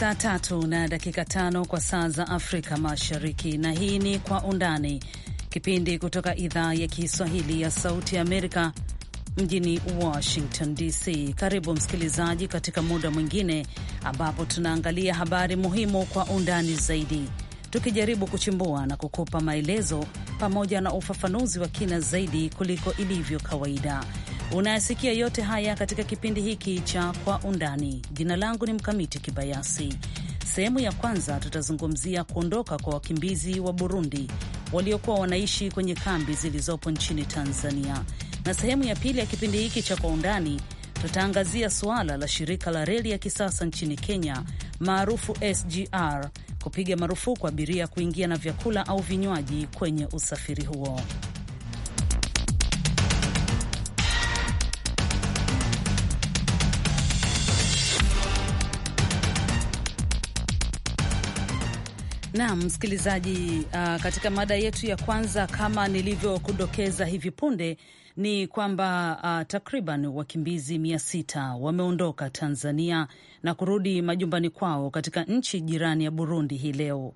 Saa tatu na dakika tano kwa saa za Afrika Mashariki, na hii ni Kwa Undani, kipindi kutoka idhaa ya Kiswahili ya Sauti ya Amerika mjini Washington DC. Karibu msikilizaji, katika muda mwingine ambapo tunaangalia habari muhimu kwa undani zaidi, tukijaribu kuchimbua na kukupa maelezo pamoja na ufafanuzi wa kina zaidi kuliko ilivyo kawaida. Unayasikia yote haya katika kipindi hiki cha Kwa Undani. Jina langu ni Mkamiti Kibayasi. Sehemu ya kwanza tutazungumzia kuondoka kwa wakimbizi wa Burundi waliokuwa wanaishi kwenye kambi zilizopo nchini Tanzania, na sehemu ya pili ya kipindi hiki cha Kwa Undani tutaangazia suala la shirika la reli ya kisasa nchini Kenya maarufu SGR kupiga marufuku abiria kuingia na vyakula au vinywaji kwenye usafiri huo. Naam, msikilizaji, uh, katika mada yetu ya kwanza kama nilivyokudokeza hivi punde ni kwamba uh, takriban wakimbizi mia sita wameondoka Tanzania na kurudi majumbani kwao katika nchi jirani ya Burundi hii leo.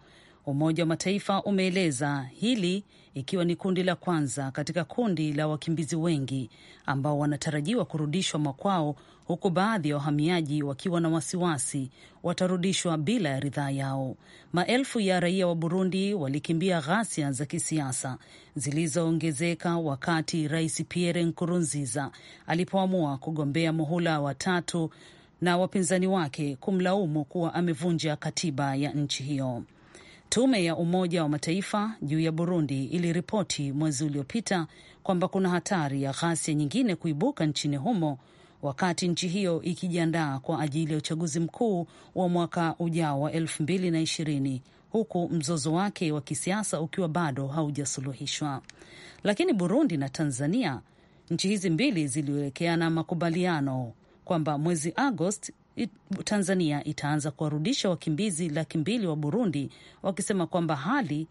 Umoja wa Mataifa umeeleza hili ikiwa ni kundi la kwanza katika kundi la wakimbizi wengi ambao wanatarajiwa kurudishwa makwao, huku baadhi ya wahamiaji wakiwa na wasiwasi watarudishwa bila ya ridhaa yao. Maelfu ya raia wa Burundi walikimbia ghasia za kisiasa zilizoongezeka wakati Rais Pierre Nkurunziza alipoamua kugombea muhula wa tatu na wapinzani wake kumlaumu kuwa amevunja katiba ya nchi hiyo. Tume ya Umoja wa Mataifa juu ya Burundi iliripoti mwezi uliopita kwamba kuna hatari ya ghasia nyingine kuibuka nchini humo wakati nchi hiyo ikijiandaa kwa ajili ya uchaguzi mkuu wa mwaka ujao wa elfu mbili na ishirini huku mzozo wake wa kisiasa ukiwa bado haujasuluhishwa. Lakini Burundi na Tanzania, nchi hizi mbili ziliwekeana makubaliano kwamba mwezi Agosti it, Tanzania itaanza kuwarudisha wakimbizi laki mbili wa Burundi wakisema kwamba hali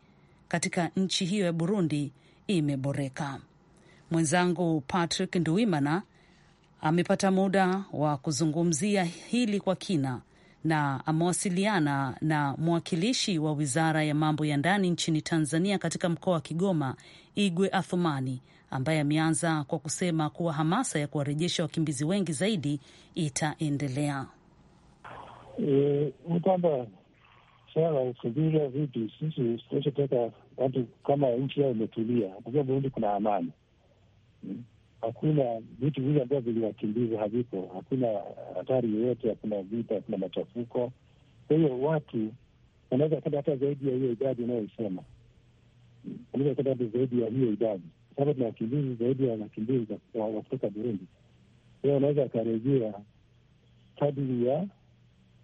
katika nchi hiyo ya Burundi imeboreka. Mwenzangu Patrick nduimana amepata muda wa kuzungumzia hili kwa kina na amewasiliana na mwakilishi wa wizara ya mambo ya ndani nchini Tanzania katika mkoa wa Kigoma, Igwe Athumani, ambaye ameanza kwa kusema kuwa hamasa ya kuwarejesha wakimbizi wengi zaidi itaendelea kwamba swala kuvira vipi, sisi tunachotaka watu kama nchi yao imetulia, kwa Burundi kuna amani, hakuna vitu vile ambavyo viliwakimbiza, havipo, hakuna hatari yoyote, hakuna vita, hakuna machafuko. Kwa hiyo watu wanaweza kenda hata zaidi ya hiyo idadi unayoisema, wanaweza kenda hata zaidi ya hiyo idadi, sababu tuna wakimbizi zaidi ya wakimbizi wa kutoka Burundi. Kwa hiyo wanaweza wakarejea kadiri ya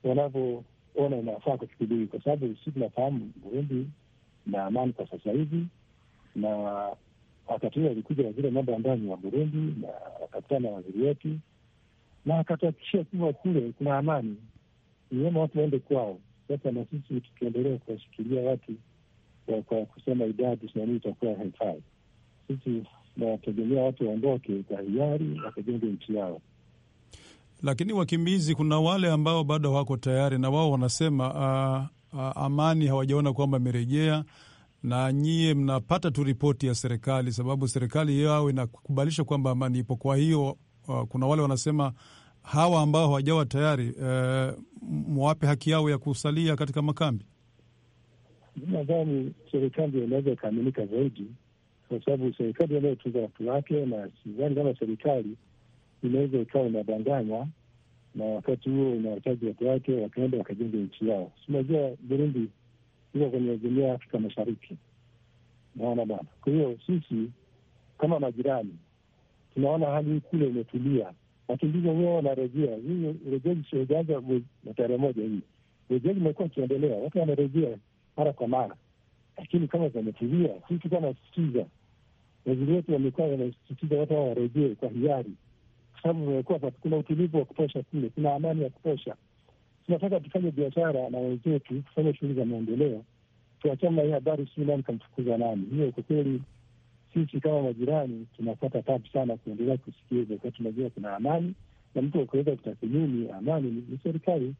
wanavyoona inafaa kuchukuliwa, kwa sababu si tunafahamu Burundi na amani kwa sasa hivi, na wakati huo alikuja waziri wa mambo ya ndani wa Burundi na akakutana na waziri wetu na akatuhakikishia kuwa kule kuna amani, ni watu waende kwao. Sasa na sisi tukiendelea kuwashikilia watu kwa kusema idadi nanii itakuwa haifai. Sisi nawategemea watu waondoke kwa hiari wakajenge nchi yao. Lakini wakimbizi, kuna wale ambao bado wako tayari, na wao wanasema uh, uh, amani hawajaona kwamba imerejea, na nyie mnapata tu ripoti ya serikali, sababu serikali yao inakubalisha kwamba amani ipo. Kwa hiyo uh, kuna wale wanasema hawa ambao hawajawa tayari uh, mwape haki yao ya kusalia katika makambi. Nadhani serikali inaweza ikaaminika zaidi, kwa sababu serikali inayotunza watu wake, na sidhani kama serikali inaweza ikawa inadanganywa na wakati huo unawachaji watu wake wakaenda wakajenga nchi yao. Unajua Burundi iko kwenye jumuiya ya Afrika Mashariki, naona bana. Kwa hiyo sisi kama majirani tunaona hali hii kule imetulia, wakimbiza huo wanarejea. Urejeji ujaanza na tarehe moja hii, urejeji umekuwa ukiendelea, watu wanarejea mara kwa mara, lakini kama zimetulia, sisi kama sikiza waziri wetu wamekuwa wanasisitiza watu hao warejee kwa hiari sababu imekuwa kuna utulivu wa kutosha kule, kuna amani ya kutosha. Tunataka tufanye biashara na wenzetu, tufanye shughuli za maendeleo, tuachana hii habari sijui nani kamfukuza nani. Hiyo kwa kweli sisi kama majirani tunapata tabu sana kuendelea kusikia kwa tunajua kuna amani na mtu wakuweza kutathimini amani ni serikali.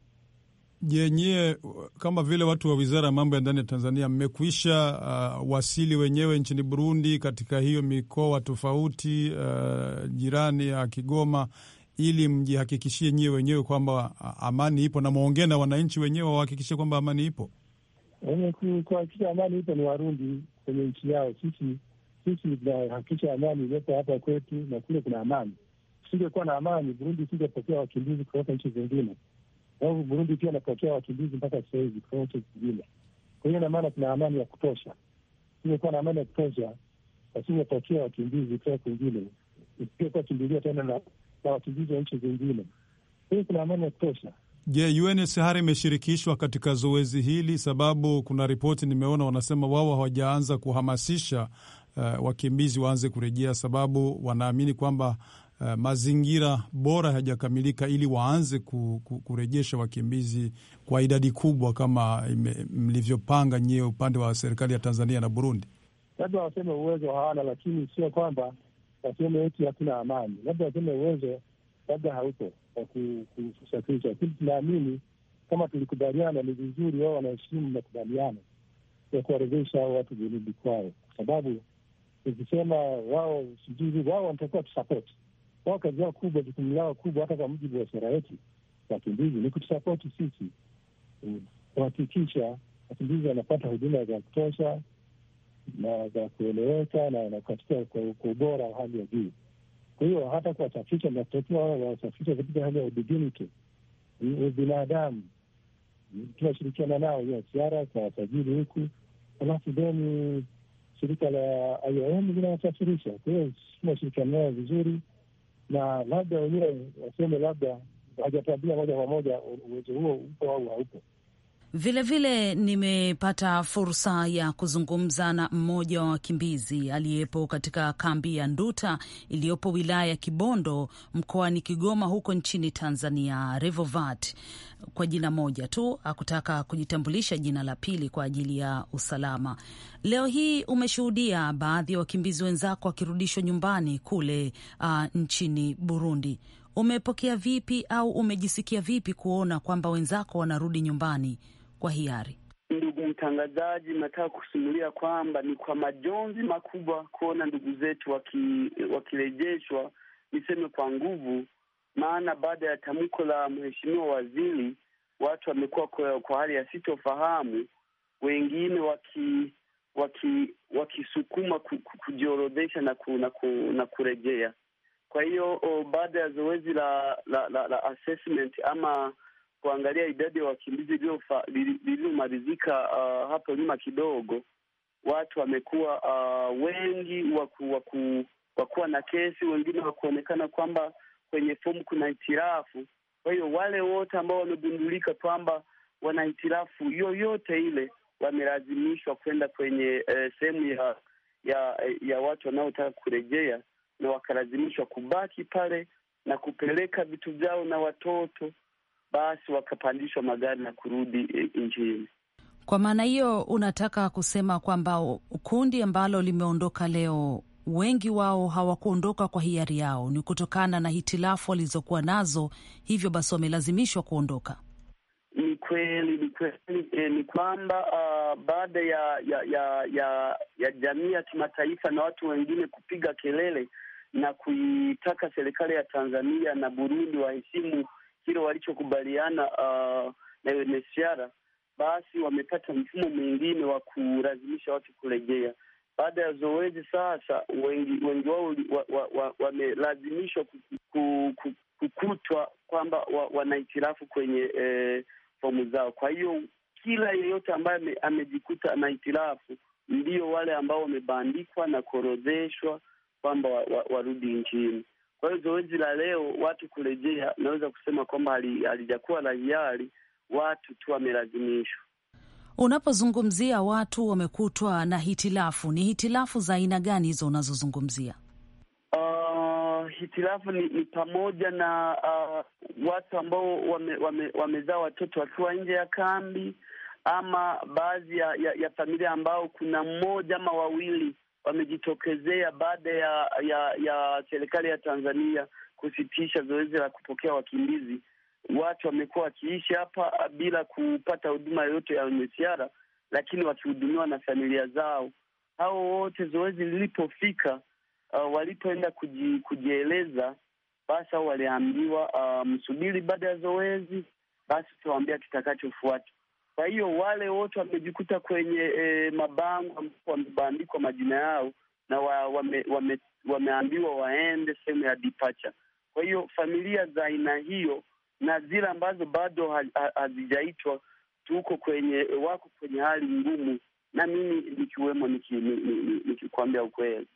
Je, nyie kama vile watu wa wizara ya mambo ya ndani ya Tanzania mmekwisha uh, wasili wenyewe nchini Burundi katika hiyo mikoa tofauti uh, jirani ya Kigoma ili mjihakikishie nyie wenyewe kwamba uh, amani ipo na mwongee na wananchi wenyewe wawahakikishie kwamba amani ipo? kuhakikisha amani ipo ni Warundi kwenye nchi yao. Sisi sisi tunahakikisha amani iliyopo hapa kwetu na kule kuna amani. Tusingekuwa na amani, Burundi isingepokea wakimbizi kutoka nchi zingine sababu Burundi pia anapokea wakimbizi mpaka sasa hivi kutoka nchi zingine. Kwa hiyo ina maana tuna amani ya kutosha. Tumekuwa na amani ya kutosha wasipopokea wakimbizi kutoka kwingine, isipiokuwa kimbilia tena na wakimbizi wa nchi zingine. Kwa hiyo kuna amani ya kutosha. Je, yeah, UNHCR imeshirikishwa katika zoezi hili? Sababu kuna ripoti nimeona wanasema wao hawajaanza kuhamasisha uh, wakimbizi waanze kurejea, sababu wanaamini kwamba uh, mazingira bora hayajakamilika ili waanze ku, ku, kurejesha wakimbizi kwa idadi kubwa kama mlivyopanga nyie upande wa serikali ya Tanzania na Burundi? Labda waseme uwezo hawana, lakini sio kwamba waseme eti hakuna amani. Labda waseme uwezo labda haupo wa kusafirisha, lakini tunaamini kama tulikubaliana, ni vizuri wao wanaheshimu makubaliano ya kuwarejesha hao watu Burundi kwao, kwa sababu ukisema wao sijui wao wanatakiwa tusapoti wao kazi yao kubwa, jukumu lao kubwa, hata kwa mujibu wa sera yetu wakimbizi ni kutusapoti sisi kuhakikisha wakimbizi wanapata huduma za kutosha na za kueleweka na katika kwa ubora wa hali ya juu. Kwa hiyo hata kuwasafisha, natakiwa wao wawasafisha katika hali ya udignity, ubinadamu. Tunashirikiana nao hiyo siara kwa wasajili huku, alafu deni shirika la IOM linawasafirisha. Kwa hiyo tunashirikiana nao vizuri na labda wenyewe waseme, labda hajatambia moja kwa moja uwezo huo upo au haupo. Vilevile nimepata fursa ya kuzungumza na mmoja wa wakimbizi aliyepo katika kambi ya Nduta iliyopo wilaya ya Kibondo mkoani Kigoma huko nchini Tanzania, Revovat kwa jina moja tu, akutaka kujitambulisha jina la pili kwa ajili ya usalama. Leo hii umeshuhudia baadhi ya wakimbizi wenzako wakirudishwa nyumbani kule uh, nchini Burundi. Umepokea vipi au umejisikia vipi kuona kwamba wenzako wanarudi nyumbani? kwa hiari. Ndugu mtangazaji, nataka kusimulia kwamba ni kwa majonzi makubwa kuona ndugu zetu waki, wakirejeshwa, niseme kwa nguvu, maana baada ya tamko la mheshimiwa waziri watu wamekuwa kwa, kwa hali ya sitofahamu, wengine waki waki wakisukuma kujiorodhesha na, ku, na, ku, na kurejea. Kwa hiyo oh, baada ya zoezi la, la, la, la assessment ama kuangalia idadi ya wakimbizi lililomalizika uh, hapo nyuma kidogo, watu wamekuwa uh, wengi waku, waku, wakuwa na kesi, wengine wa kuonekana kwamba kwenye fomu kuna hitirafu. Kwa hiyo wale wote ambao wamegundulika kwamba wana hitirafu yoyote ile wamelazimishwa kwenda kwenye eh, sehemu ya ya ya watu wanaotaka kurejea, na wakalazimishwa kubaki pale na kupeleka vitu vyao na watoto basi wakapandishwa magari na kurudi e, nchini. Kwa maana hiyo unataka kusema kwamba kundi ambalo limeondoka leo, wengi wao hawakuondoka kwa hiari yao, ni kutokana na hitilafu walizokuwa nazo, hivyo basi wamelazimishwa kuondoka. Ni kweli, ni kweli, E, ni kwamba uh, baada ya ya ya ya, ya jamii ya kimataifa na watu wengine kupiga kelele na kuitaka serikali ya Tanzania na Burundi waheshimu kile walichokubaliana uh, na UNHCR, basi wamepata mfumo mwingine wa kulazimisha watu kurejea. Baada ya zoezi sasa, wengi wengi wao wamelazimishwa wa, wa, wa kukutwa kwamba wa, wanahitilafu kwenye eh, fomu zao. Kwa hiyo kila yeyote ambaye amejikuta itirafu ndio wale ambao wamebandikwa na kuorodheshwa kwamba warudi wa, wa nchini. Kwa hiyo zoezi la leo watu kurejea, naweza kusema kwamba halijakuwa la hiari, watu tu wamelazimishwa. Unapozungumzia watu wamekutwa na hitilafu, ni hitilafu za aina gani hizo unazozungumzia? Uh, hitilafu ni, ni pamoja na uh, watu ambao wame, wame, wamezaa watoto wakiwa nje ya kambi ama baadhi ya, ya, ya familia ambao kuna mmoja ama wawili wamejitokezea baada ya ya ya serikali ya Tanzania kusitisha zoezi la kupokea wakimbizi. Watu wamekuwa wakiishi hapa bila kupata huduma yoyote ya UNHCR, lakini wakihudumiwa na familia zao. Hao wote zoezi lilipofika, uh, walipoenda kuji, kujieleza basi au waliambiwa, uh, msubiri baada ya zoezi, basi tutawaambia kitakachofuata. Kwa hiyo wale wote wamejikuta kwenye e, mabango ambapo wamebandikwa majina yao na wa, wame, wame, wameambiwa waende sehemu ya departure. Kwa hiyo familia za aina hiyo na zile ambazo bado hazijaitwa tuko kwenye wako kwenye hali ngumu, na mimi nikiwemo, niki ukweli.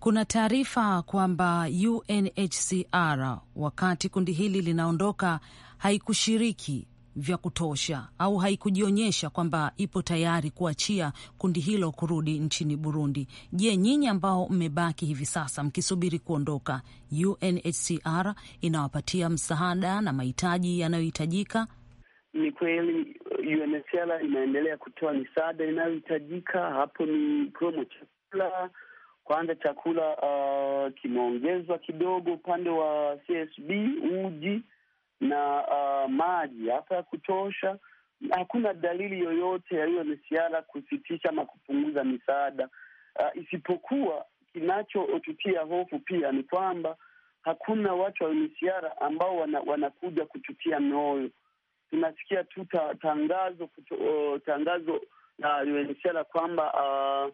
Kuna taarifa kwamba UNHCR wakati kundi hili linaondoka haikushiriki vya kutosha au haikujionyesha kwamba ipo tayari kuachia kundi hilo kurudi nchini Burundi. Je, nyinyi ambao mmebaki hivi sasa mkisubiri kuondoka, UNHCR inawapatia msaada na mahitaji yanayohitajika? Ni kweli UNHCR inaendelea kutoa misaada inayohitajika. Hapo ni kiwemo chakula. Kwanza chakula uh, kimeongezwa kidogo upande wa CSB uji na uh, maji hata ya kutosha. Hakuna dalili yoyote ya yaliyohusiana kusitisha ama kupunguza misaada uh, isipokuwa kinachotutia hofu pia ni kwamba hakuna watu wa misiara ambao wana, wanakuja kututia moyo. Tunasikia tu tangazo kutu, uh, tangazo la uh, misiara kwamba uh,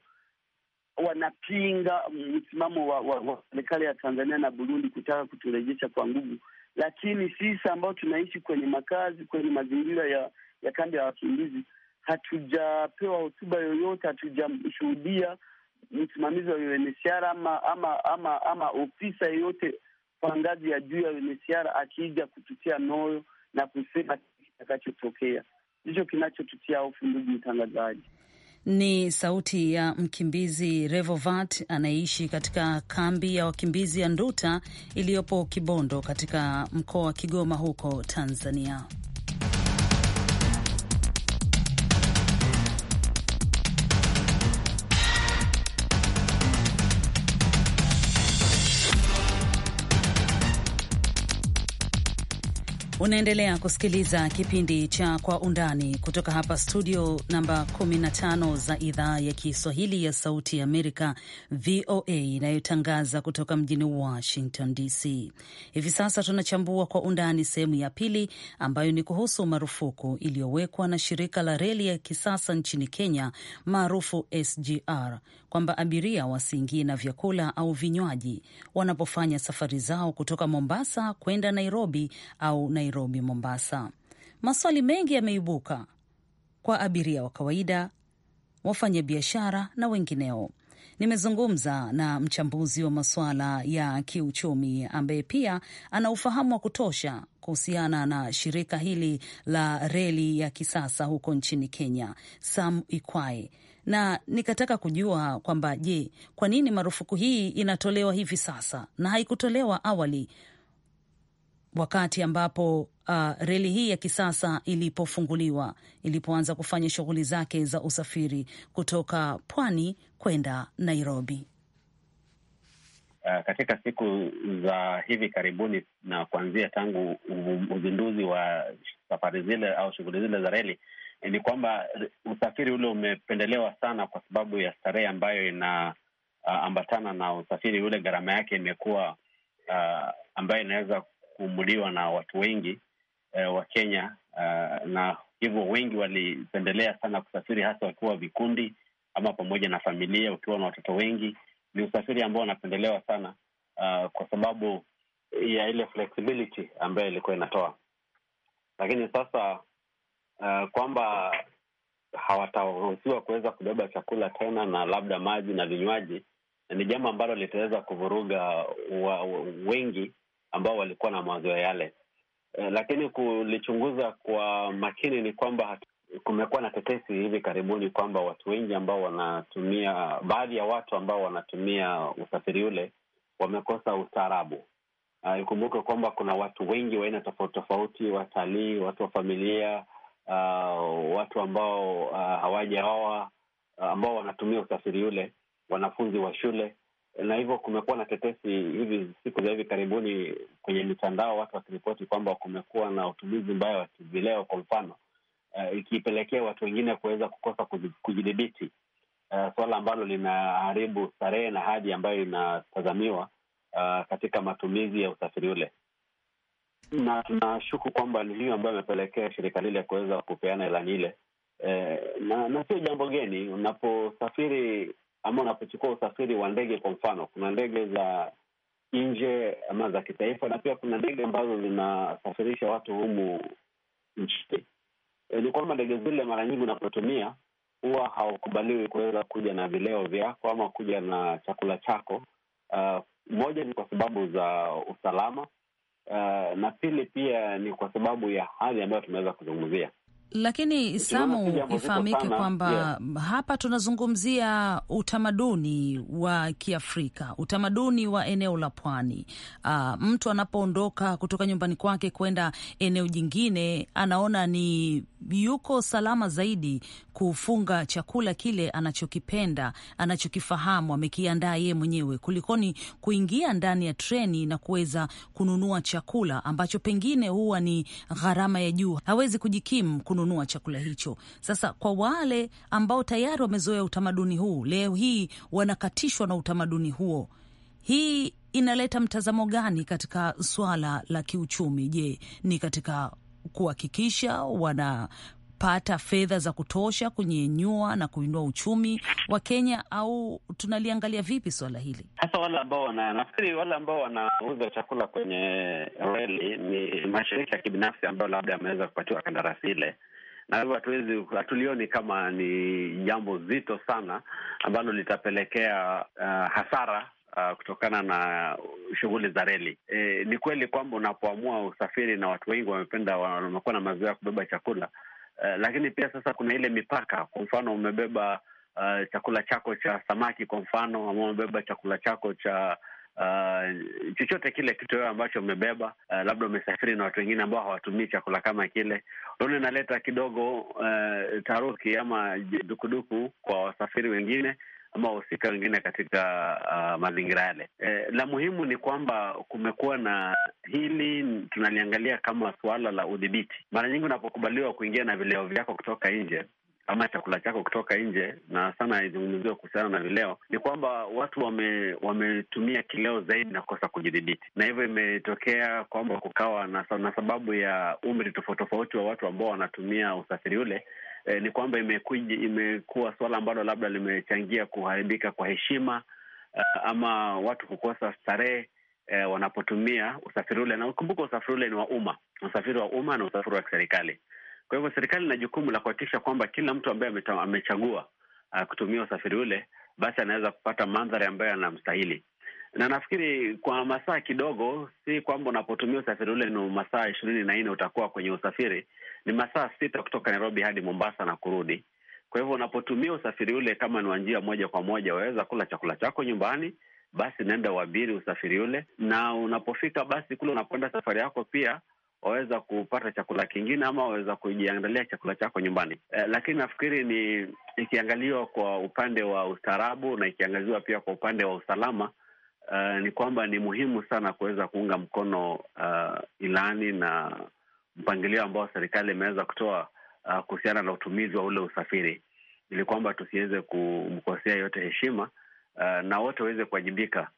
wanapinga msimamo wa serikali wa, wa, ya Tanzania na Burundi kutaka kuturejesha kwa nguvu lakini sisi ambao tunaishi kwenye makazi, kwenye mazingira ya ya kambi ya wakimbizi, hatujapewa hotuba yoyote, hatujashuhudia msimamizi wa UNHCR ama ama ama ama ofisa yeyote kwa ngazi ya juu ya UNHCR akija kututia moyo na kusema kitakachotokea. Ndicho kinachotutia hofu, ndugu mtangazaji. Ni sauti ya mkimbizi Revovat anayeishi katika kambi ya wakimbizi ya Nduta iliyopo Kibondo katika mkoa wa Kigoma huko Tanzania. Unaendelea kusikiliza kipindi cha Kwa Undani kutoka hapa studio namba 15 za idhaa ya Kiswahili ya Sauti ya Amerika, VOA, inayotangaza kutoka mjini Washington DC. Hivi sasa tunachambua kwa undani sehemu ya pili, ambayo ni kuhusu marufuku iliyowekwa na shirika la reli ya kisasa nchini Kenya maarufu SGR kwamba abiria wasiingie na vyakula au vinywaji wanapofanya safari zao kutoka Mombasa kwenda Nairobi au Nairobi Nairobi, Mombasa. Maswali mengi yameibuka kwa abiria wa kawaida, wafanyabiashara na wengineo. Nimezungumza na mchambuzi wa masuala ya kiuchumi ambaye pia ana ufahamu wa kutosha kuhusiana na shirika hili la reli ya kisasa huko nchini Kenya, Sam Ikwae, na nikataka kujua kwamba je, kwa nini marufuku hii inatolewa hivi sasa na haikutolewa awali? wakati ambapo uh, reli hii ya kisasa ilipofunguliwa, ilipoanza kufanya shughuli zake za usafiri kutoka pwani kwenda Nairobi. Uh, katika siku za hivi karibuni na kuanzia tangu uzinduzi wa safari zile au shughuli zile za reli eh, ni kwamba usafiri ule umependelewa sana kwa sababu ya starehe ambayo inaambatana uh, na usafiri ule. Gharama yake imekuwa uh, ambayo inaweza kuumuliwa na watu wengi eh, wa Kenya uh, na hivyo wengi walipendelea sana kusafiri hasa wakiwa vikundi ama pamoja na familia. Ukiwa na watoto wengi, ni usafiri ambao wanapendelewa sana uh, kwa sababu ya ile flexibility ambayo ilikuwa inatoa, lakini sasa uh, kwamba hawataruhusiwa kuweza kubeba chakula tena na labda maji na vinywaji, ni jambo ambalo litaweza kuvuruga wa, wa, wengi ambao walikuwa na mawazo yale. E, lakini kulichunguza kwa makini ni kwamba kumekuwa na tetesi hivi karibuni kwamba watu wengi ambao wanatumia, baadhi ya watu ambao wanatumia usafiri ule wamekosa ustaarabu. Uh, ikumbuke kwamba kuna watu wengi wa aina tofauti tofauti, watalii, watu wa familia, uh, watu ambao uh, hawajaoa, ambao wanatumia usafiri ule, wanafunzi wa shule na hivyo kumekuwa na tetesi hivi siku za hivi karibuni kwenye mitandao, watu wakiripoti kwamba kumekuwa na utumizi mbaya wa kivileo kwa mfano, uh, ikipelekea watu wengine kuweza kukosa kujidhibiti, uh, suala ambalo linaharibu starehe na hadhi ambayo inatazamiwa uh, katika matumizi ya usafiri ule, na tunashuku kwamba ni hiyo ambayo imepelekea shirika lile kuweza kupeana ilani ile, Eh, na, na sio jambo geni unaposafiri ama unapochukua usafiri wa ndege, kwa mfano, kuna ndege za nje ama za kitaifa na pia kuna ndege ambazo zinasafirisha watu humu nchini. E, ni kwamba ndege zile mara nyingi unapotumia huwa haukubaliwi kuweza kuja na vileo vyako ama kuja na chakula chako. Uh, moja ni kwa sababu za usalama, uh, na pili pia ni kwa sababu ya hali ambayo tumeweza kuzungumzia. Lakini Samu, ifahamike kwamba yeah, hapa tunazungumzia utamaduni wa Kiafrika, utamaduni wa eneo la pwani. Uh, mtu anapoondoka kutoka nyumbani kwake kwenda eneo jingine, anaona ni yuko salama zaidi kufunga chakula kile anachokipenda, anachokifahamu, amekiandaa yeye mwenyewe, kulikoni kuingia ndani ya treni na kuweza kununua chakula ambacho pengine huwa ni gharama ya juu, hawezi kujikimu kununua chakula hicho. Sasa kwa wale ambao tayari wamezoea utamaduni huu, leo hii wanakatishwa na utamaduni huo, hii inaleta mtazamo gani katika swala la kiuchumi? Je, ni katika kuhakikisha wana kupata fedha za kutosha kunyenyua na kuinua uchumi wa Kenya, au tunaliangalia vipi swala hili? Hasa wale ambao wana nafikiri, wale ambao wanauza chakula kwenye reli ni mashirika ya kibinafsi ambayo labda yameweza kupatiwa kandarasi ile na hivyo hatuwezi hatulioni kama ni jambo zito sana ambalo litapelekea uh, hasara uh, kutokana na shughuli za reli. E, ni kweli kwamba unapoamua usafiri na watu wengi wamependa wamekuwa na mazoea ya kubeba chakula, Eh, lakini pia sasa kuna ile mipaka. Kwa mfano umebeba uh, chakula chako cha samaki kwa mfano, ama umebeba chakula chako cha uh, chochote kile kitu wewe ambacho umebeba uh, labda umesafiri na watu wengine ambao hawatumii chakula kama kile, unaona inaleta kidogo uh, taharuki ama dukuduku kwa wasafiri wengine ama wahusika wengine katika uh, mazingira yale. E, la muhimu ni kwamba kumekuwa na hili, tunaliangalia kama suala la udhibiti. Mara nyingi unapokubaliwa kuingia na vileo vyako kutoka nje ama chakula chako kutoka nje, na sana haizungumziwa kuhusiana na vileo, ni kwamba watu wame, wametumia kileo zaidi na kukosa kujidhibiti, na hivyo imetokea kwamba kukawa na, na sababu ya umri tofauti tofauti wa watu ambao wanatumia usafiri ule eh, ni kwamba imekuwa suala ambalo labda limechangia kuharibika kwa heshima uh, ama watu kukosa starehe eh, wanapotumia usafiri ule, na ukumbuka usafiri ule ni wa umma, usafiri wa umma na usafiri wa kiserikali Kwa hivyo serikali ina jukumu la kuhakikisha kwamba kila mtu ambaye amechagua uh, kutumia usafiri ule basi anaweza kupata mandhari ambayo anamstahili na nafikiri kwa masaa kidogo, si kwamba unapotumia usafiri ule ni masaa ishirini na nne utakuwa kwenye usafiri, ni masaa sita kutoka Nairobi hadi Mombasa na kurudi. Kwa hivyo unapotumia usafiri ule, kama ni wa njia moja kwa moja, waweza kula chakula chako nyumbani, basi naenda uabiri usafiri ule, na unapofika basi kule unapoenda safari yako pia waweza kupata chakula kingine ama waweza kujiangalia chakula chako nyumbani. Eh, lakini nafikiri ni ikiangaliwa kwa upande wa ustaarabu na ikiangaliwa pia kwa upande wa usalama uh, ni kwamba ni muhimu sana kuweza kuunga mkono uh, ilani na mpangilio ambao serikali imeweza kutoa uh, kuhusiana na utumizi wa ule usafiri, ili kwamba tusiweze kumkosea yote heshima uh, na wote waweze kuwajibika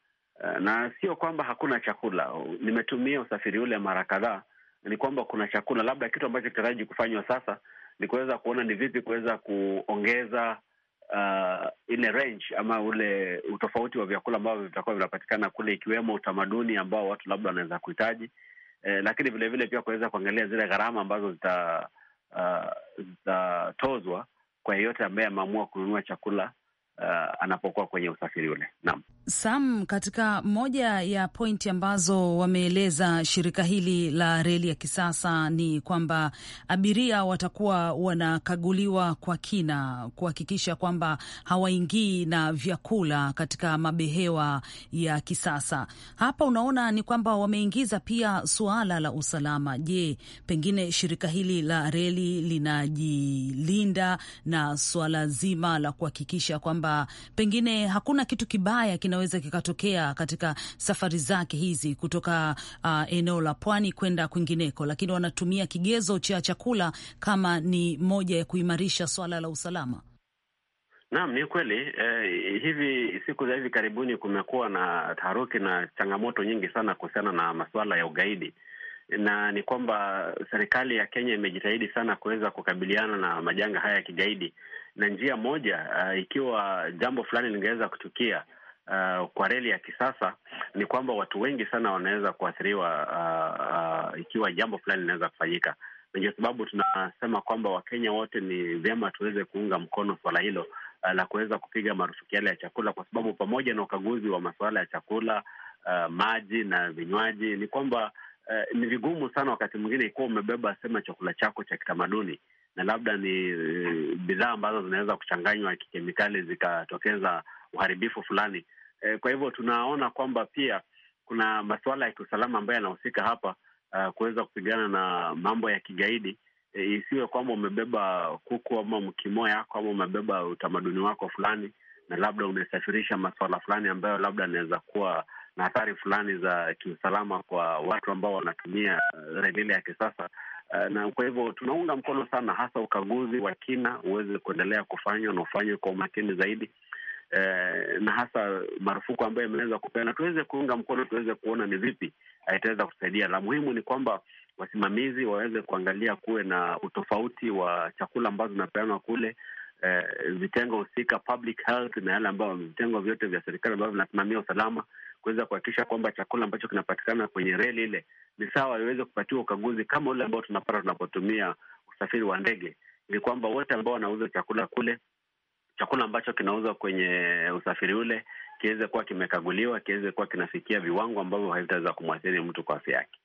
uh, na sio kwamba hakuna chakula. Nimetumia usafiri ule mara kadhaa, ni kwamba kuna chakula. Labda kitu ambacho kitaraji kufanywa sasa ni kuweza kuona ni vipi kuweza kuongeza uh, ile range ama ule utofauti wa vyakula ambavyo vitakuwa vinapatikana kule, ikiwemo utamaduni ambao watu labda wanaweza kuhitaji eh, lakini vilevile vile pia kuweza kuangalia zile gharama ambazo zitatozwa uh, zitatozwa kwa yeyote ambaye ameamua kununua chakula uh, anapokuwa kwenye usafiri ule. Naam. Sam, katika moja ya pointi ambazo wameeleza shirika hili la reli ya kisasa ni kwamba abiria watakuwa wanakaguliwa kwa kina kuhakikisha kwamba hawaingii na vyakula katika mabehewa ya kisasa. Hapa unaona ni kwamba wameingiza pia suala la usalama. Je, pengine shirika hili la reli linajilinda na suala zima la kuhakikisha kwamba pengine hakuna kitu kibaya kina kinaweza kikatokea katika safari zake hizi kutoka uh, eneo la pwani kwenda kwingineko, lakini wanatumia kigezo cha chakula kama ni moja ya kuimarisha swala la usalama. Naam, ni kweli eh, hivi siku za hivi karibuni kumekuwa na taharuki na changamoto nyingi sana kuhusiana na masuala ya ugaidi, na ni kwamba serikali ya Kenya imejitahidi sana kuweza kukabiliana na majanga haya ya kigaidi, na njia moja uh, ikiwa jambo fulani lingeweza kutukia uh, kwa reli ya kisasa ni kwamba watu wengi sana wanaweza kuathiriwa uh, uh, ikiwa jambo fulani linaweza kufanyika, ndio sababu tunasema kwamba Wakenya wote ni vyema tuweze kuunga mkono suala hilo uh, la kuweza kupiga marufuku yale ya chakula, kwa sababu pamoja na ukaguzi wa masuala ya chakula uh, maji na vinywaji ni kwamba Uh, ni vigumu sana wakati mwingine ikiwa umebeba sema chakula chako cha kitamaduni na labda ni uh, bidhaa ambazo zinaweza kuchanganywa kikemikali zikatokeza uharibifu fulani. E, kwa hivyo tunaona kwamba pia kuna masuala ya kiusalama ambayo yanahusika hapa, uh, kuweza kupigana na mambo ya kigaidi. E, isiwe kwamba umebeba kuku ama mkimo yako ama umebeba utamaduni wako fulani, na labda umesafirisha masuala fulani ambayo labda anaweza kuwa na athari fulani za kiusalama kwa watu ambao wanatumia redile ya kisasa. Na kwa hivyo tunaunga mkono sana, hasa ukaguzi wa kina uweze kuendelea kufanywa na ufanywe kwa umakini zaidi, eh, na hasa marufuku ambayo imeweza kupeana, tuweze kuunga mkono, tuweze kuona ni vipi eh, itaweza kusaidia. La muhimu ni kwamba wasimamizi waweze kuangalia kuwe na utofauti wa chakula ambazo zinapeanwa kule eh, vitengo husika public health na yale ambayo vitengo vyote vya serikali ambavyo vinasimamia usalama kuweza kuhakikisha kwamba chakula ambacho kinapatikana kwenye reli ile ni sawa, iweze kupatiwa ukaguzi kama ule ambao tunapata tunapotumia usafiri wa ndege, ili kwamba wote ambao wanauza chakula kule chakula ambacho kinauzwa kwenye usafiri ule kiweze kuwa kimekaguliwa, kiweze kuwa kinafikia viwango ambavyo havitaweza kumwathiri mtu kwa afya yake.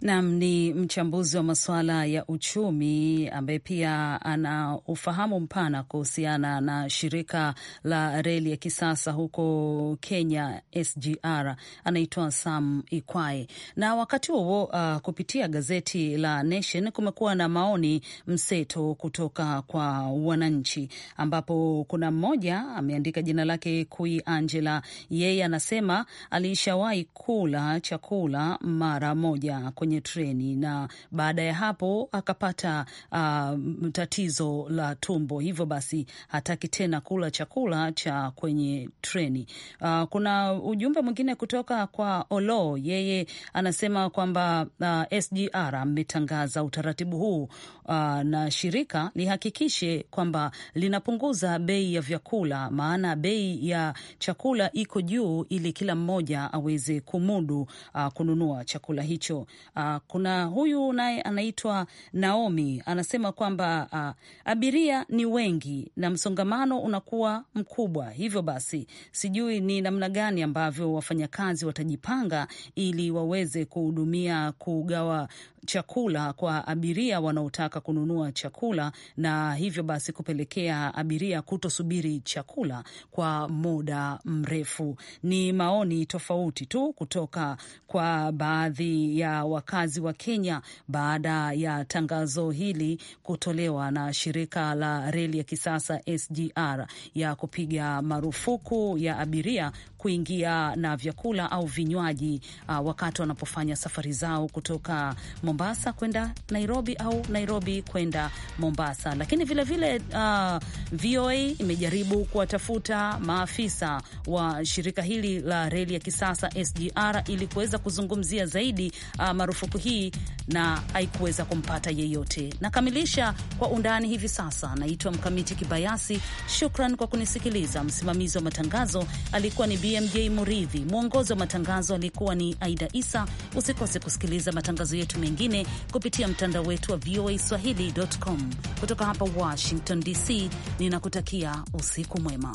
Nam ni mchambuzi wa masuala ya uchumi ambaye pia ana ufahamu mpana kuhusiana na shirika la reli ya kisasa huko Kenya, SGR. Anaitwa Sam Ikwai. Na wakati huo uh, kupitia gazeti la Nation kumekuwa na maoni mseto kutoka kwa wananchi, ambapo kuna mmoja ameandika jina lake Kui Angela. Yeye anasema alishawahi kula chakula mara moja kwenye treni, na baada ya hapo akapata uh, tatizo la tumbo, hivyo basi hataki tena kula chakula cha kwenye treni. Uh, kuna ujumbe mwingine kutoka kwa Olo, yeye anasema kwamba uh, SGR ametangaza utaratibu huu uh, na shirika lihakikishe kwamba linapunguza bei ya vyakula, maana bei ya chakula iko juu, ili kila mmoja aweze kumudu uh, kununua chakula hicho. Uh, kuna huyu naye anaitwa Naomi anasema kwamba uh, abiria ni wengi na msongamano unakuwa mkubwa, hivyo basi sijui ni namna gani ambavyo wafanyakazi watajipanga ili waweze kuhudumia kugawa chakula kwa abiria wanaotaka kununua chakula, na hivyo basi kupelekea abiria kutosubiri chakula kwa muda mrefu. Ni maoni tofauti tu kutoka kwa baadhi ya wakazi wa Kenya baada ya tangazo hili kutolewa na shirika la reli ya kisasa SGR ya kupiga marufuku ya abiria kuingia na vyakula au vinywaji uh, wakati wanapofanya safari zao kutoka Mombasa kwenda Nairobi au Nairobi kwenda Mombasa. Lakini vilevile vile, uh, VOA imejaribu kuwatafuta maafisa wa shirika hili la reli ya kisasa SGR ili kuweza kuzungumzia zaidi uh, marufuku hii na haikuweza kumpata yeyote. Nakamilisha kwa undani hivi sasa. Naitwa Mkamiti Kibayasi, shukran kwa kunisikiliza. Msimamizi wa matangazo alikuwa ni BMJ Muridhi, mwongozi wa matangazo alikuwa ni Aida Isa. Usikose kusikiliza matangazo yetu mengine kupitia mtandao wetu wa VOA Swahili.com. Kutoka hapa Washington DC, ninakutakia usiku mwema.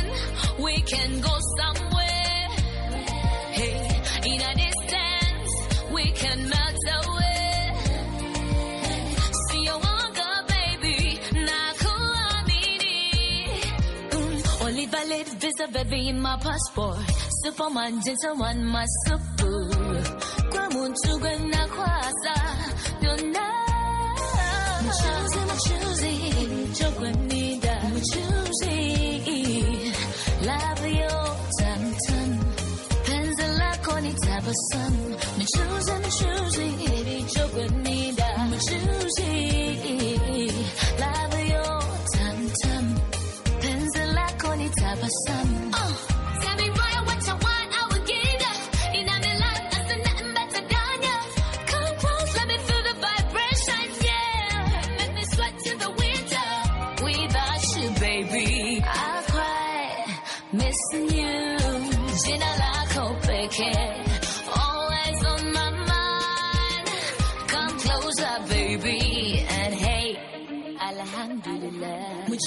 Picture baby in my passport. Superman, gentleman, masupu. Kwa muntu gwe nakwasa. choosing, Mchuzi, mchuzi. Cho gwe nida. choosing. Love you, tam tam. Penzi lako ni tabasamu. Mchuzi, choosing, baby, gwe nida.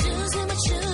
choosing, my choosing.